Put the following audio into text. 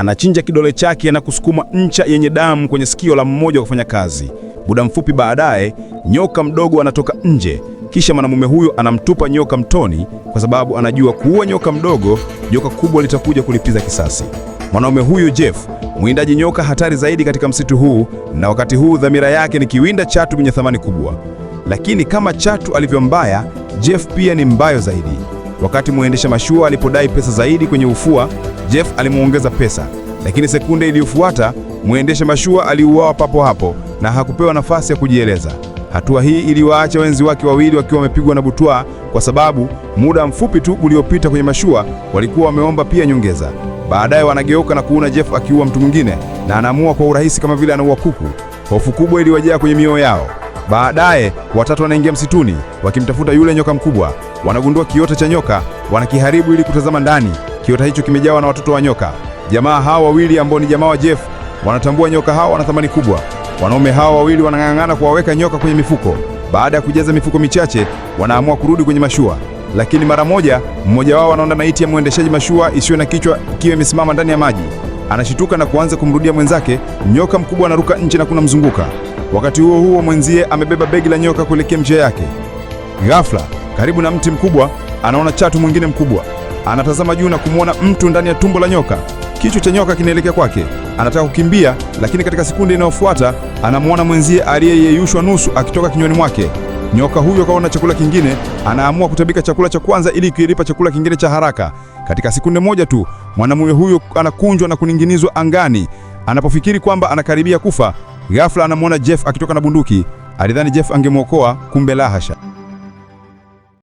anachinja kidole chake na kusukuma ncha yenye damu kwenye sikio la mmoja wa wafanyakazi. Muda mfupi baadaye, nyoka mdogo anatoka nje, kisha mwanamume huyo anamtupa nyoka mtoni, kwa sababu anajua kuua nyoka mdogo, nyoka kubwa litakuja kulipiza kisasi. Mwanamume huyu Jeff, mwindaji nyoka hatari zaidi katika msitu huu, na wakati huu dhamira yake ni kiwinda chatu mwenye thamani kubwa. Lakini kama chatu alivyo mbaya, Jeff pia ni mbayo zaidi. Wakati mwendesha mashua alipodai pesa zaidi kwenye ufua, Jeff alimwongeza pesa, lakini sekunde iliyofuata mwendesha mashua aliuawa papo hapo na hakupewa nafasi ya kujieleza. Hatua hii iliwaacha wenzi wake wawili wakiwa wamepigwa na butwa kwa sababu muda mfupi tu uliopita kwenye mashua walikuwa wameomba pia nyongeza. Baadaye wanageuka na kuona Jeff akiua mtu mwingine na anaamua kwa urahisi kama vile anaua kuku. Hofu kubwa iliwajaa kwenye mioyo yao. Baadaye watatu wanaingia msituni wakimtafuta yule nyoka mkubwa. Wanagundua kiota cha nyoka, wanakiharibu ili kutazama ndani. Kiota hicho kimejawa na watoto wa nyoka. Jamaa hawa wawili ambao ni jamaa wa Jeff wanatambua nyoka hawa wana thamani kubwa. Wanaume hawa wawili wanang'ang'ana kuwaweka nyoka kwenye mifuko. Baada ya kujaza mifuko michache, wanaamua kurudi kwenye mashua, lakini mara moja mmoja wao anaona maiti ya mwendeshaji mashua isiyo na kichwa ikiwa imesimama ndani ya maji. Anashituka na kuanza kumrudia mwenzake. Nyoka mkubwa anaruka nje na kunamzunguka. Wakati huo huo, mwenzie amebeba begi la nyoka kuelekea njia yake. Ghafla, karibu na mti mkubwa, anaona chatu mwingine mkubwa. Anatazama juu na kumwona mtu ndani ya tumbo la nyoka. Kichwa cha nyoka kinaelekea kwake. Anataka kukimbia, lakini katika sekunde inayofuata anamwona mwenzie aliyeyeyushwa nusu akitoka kinywani mwake. Nyoka huyo kaona chakula kingine, anaamua kutabika chakula cha kwanza ili kuilipa chakula kingine cha haraka. Katika sekunde moja tu, mwanamume huyo anakunjwa na kuninginizwa angani. Anapofikiri kwamba anakaribia kufa, Ghafla anamwona Jeff akitoka na bunduki. Alidhani Jeff angemwokoa, kumbe hasha.